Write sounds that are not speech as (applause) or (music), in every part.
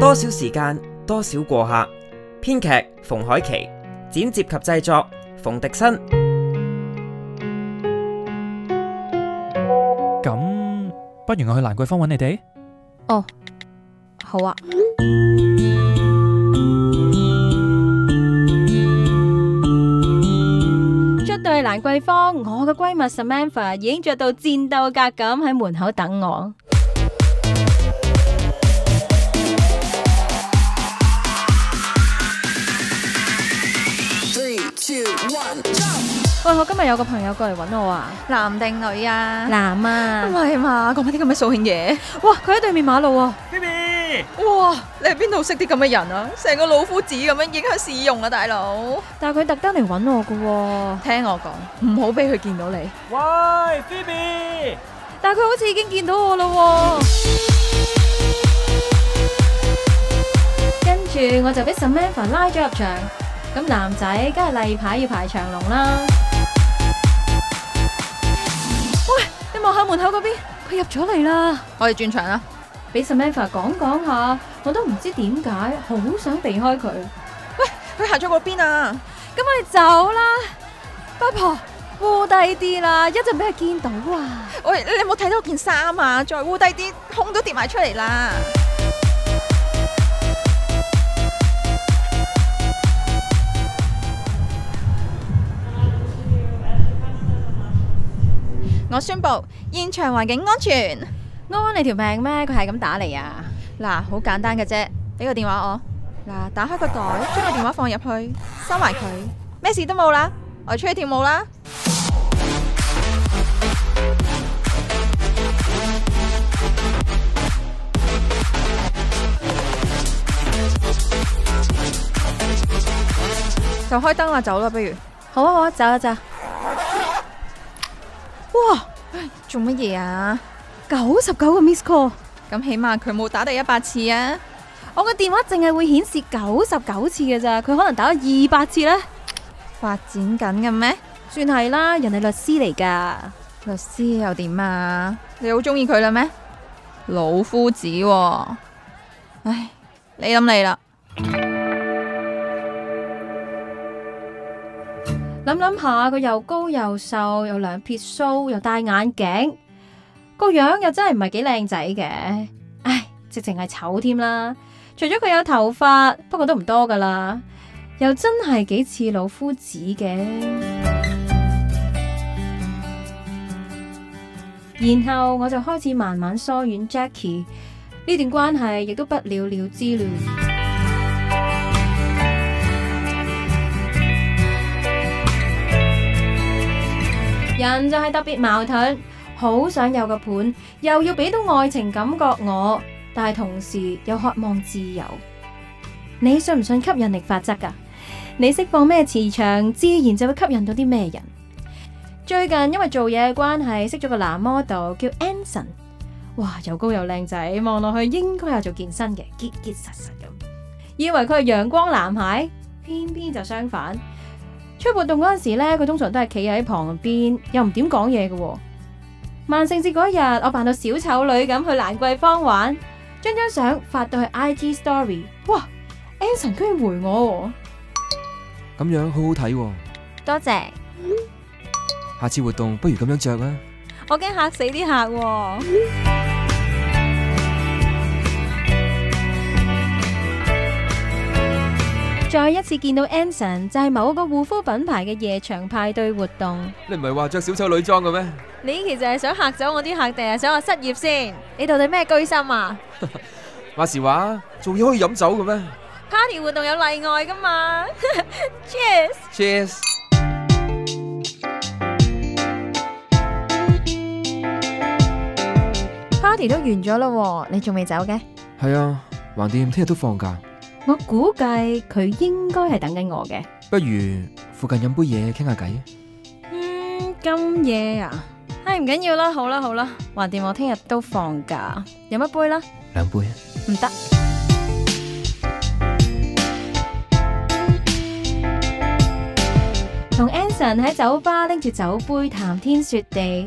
多少時間，多少過客？編劇馮海琪，剪接及製作馮迪新。咁，不如我去蘭桂坊揾你哋。哦，好啊。出到去蘭桂坊，我嘅閨蜜 Samantha 已經着到戰鬥格咁喺門口等我。我今日有個朋友過嚟揾我啊。男定女啊？男啊。唔係嘛？講乜啲咁嘅掃興嘢？哇！佢喺對面馬路啊，Phoebe！哇！你係邊度識啲咁嘅人啊？成個老夫子咁樣影響市容啊，大佬！但係佢特登嚟揾我噶，聽我講，唔好俾佢見到你。喂，Phoebe！但係佢好似已經見到我咯。跟住我就俾 Samantha 拉咗入場，咁男仔梗係例牌要排長龍啦。望下門口嗰邊，佢入咗嚟啦。我哋轉場啦，俾 Samantha 講講下，我都唔知點解，好想避開佢。喂，佢行咗過邊啊？咁我哋走啦。八婆，烏低啲啦，一陣俾佢見到啊！喂你有冇睇到件衫啊？再烏低啲，胸都跌埋出嚟啦。我宣佈現場環境安全，安安，你條命咩？佢係咁打嚟啊！嗱，好簡單嘅啫，俾個電話我，嗱，打開個袋，將個電話放入去，收埋佢，咩事都冇啦，我出去跳舞啦， (music) 就開燈啦，走啦，不如，好啊好啊，走啦，啊，走。哇，做乜嘢啊？九十九個 miss call，咁起碼佢冇打第一百次啊！我個電話淨係會顯示九十九次嘅咋，佢可能打咗二百次呢？發展緊嘅咩？算係啦，人哋律師嚟噶，律師又點啊？你好中意佢啦咩？老夫子，啊，唉，你諗你啦。嗯諗諗下，佢又高又瘦，又兩撇鬚，又戴眼鏡，個樣又真係唔係幾靚仔嘅，唉，直情係醜添啦。除咗佢有頭髮，不過都唔多噶啦，又真係幾似老夫子嘅。 (music) 然後我就開始慢慢疏遠 Jackie，呢段關係亦都不了了之了。人就係特別矛盾，好想有個伴，又要俾到愛情感覺我，但係同時又渴望自由。你信唔信吸引力法則噶、啊？你釋放咩磁場，自然就會吸引到啲咩人。最近因為做嘢嘅關係，識咗個男 model 叫 Anson，哇，又高又靚仔，望落去應該係做健身嘅，結結實實咁，以為佢係陽光男孩，偏偏就相反。出活動嗰陣時咧，佢通常都係企喺旁邊，又唔點講嘢嘅。萬聖節嗰日，我扮到小丑女咁去蘭桂坊玩，將張相發到去 IT Story，哇！Anson 居然回我、哦，咁樣好好睇、哦。多謝，下次活動不如咁樣着啦。我驚吓死啲客、哦。再一次見到 Anson 就係某個護膚品牌嘅夜場派對活動。你唔係話着小丑女裝嘅咩？你其實係想吓走我啲客定係想我失業先？你到底咩居心啊？話時話，仲要可以飲酒嘅咩？Party 活動有例外㗎嘛？Cheers。Cheers。Party 都完咗嘞，你仲未走嘅？係啊，橫掂聽日都放假。我估計佢應該係等緊我嘅，不如附近飲杯嘢傾下偈啊？嗯，咁夜啊，唉唔緊要啦，好啦好啦，橫掂我聽日都放假，飲一杯啦，兩杯啊，唔得行。同 Anson 喺酒吧拎住酒杯談天說地，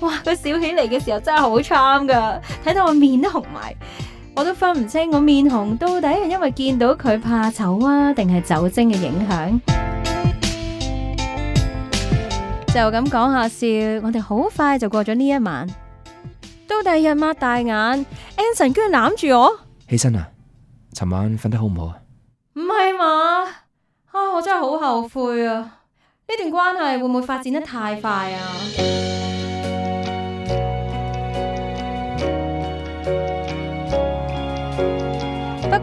哇！佢笑起嚟嘅時候真係好慘噶，睇到我面都紅埋。我都分唔清我面紅到底係因為見到佢怕醜啊，定係酒精嘅影響？就咁講下笑，我哋好快就過咗呢一晚。到第二日擘大眼，Anson 居然攬住我起身啊！尋晚瞓得好唔好啊？唔係嘛？啊，我真係好後悔啊！呢段關係會唔會發展得太快啊？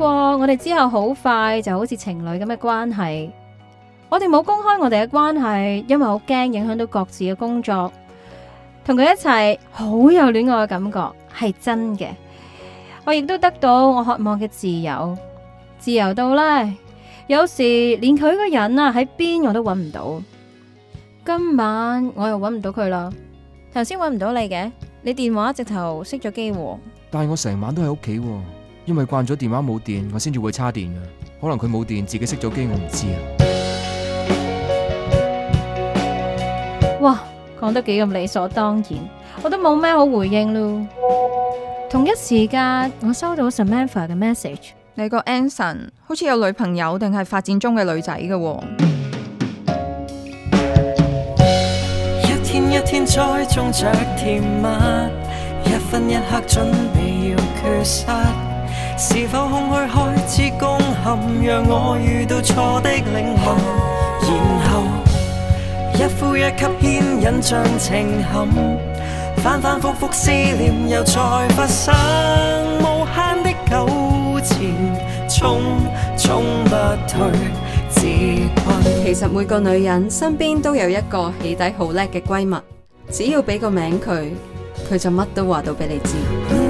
不過我哋之後好快就好似情侶咁嘅關係，我哋冇公開我哋嘅關係，因為好驚影響到各自嘅工作。同佢一齊好有戀愛嘅感覺，係真嘅。我亦都得到我渴望嘅自由，自由到呢，有時連佢個人啊喺邊我都揾唔到。今晚我又揾唔到佢啦，頭先揾唔到你嘅，你電話直頭熄咗機喎。但係我成晚都喺屋企。因為慣咗電話冇電，我先至會叉電噶。可能佢冇電，自己熄咗機，我唔知啊。哇，講得幾咁理所當然，我都冇咩好回應咯。同一時間，我收到 Samantha 嘅 message，你個 anson 好似有女朋友定係發展中嘅女仔㗎喎！一天一天栽種着甜蜜，一分一刻準備要缺失。是否空虛開始攻陷，讓我遇到錯的領悟，然後一呼一吸牽引像情陷，反反复覆思念又再發生，無限的糾纏匆匆不退自困。其實每個女人身邊都有一個起底好叻嘅閨蜜，只要俾個名佢，佢就乜都話到俾你知。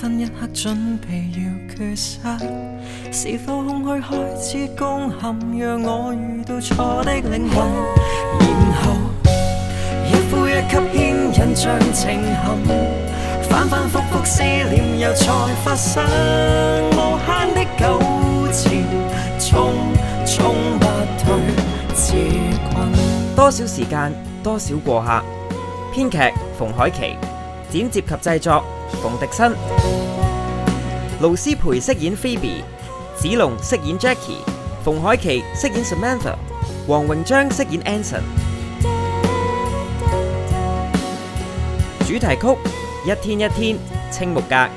一分一刻準備要缺失，是否空虛開始攻陷，讓我遇到錯的靈魂，然後一呼一吸牽引像情慾，反反覆覆思念又再發生無限的糾纏，沖沖不退自困。多少時間，多少過客，編劇馮海琪，剪接及製作。馮迪新、盧思培飾演 Phoebe，子龍飾演 Jackie，馮海琪飾演 Samantha，黃榮章飾演 Anson。主題曲《一天一天》，青木格。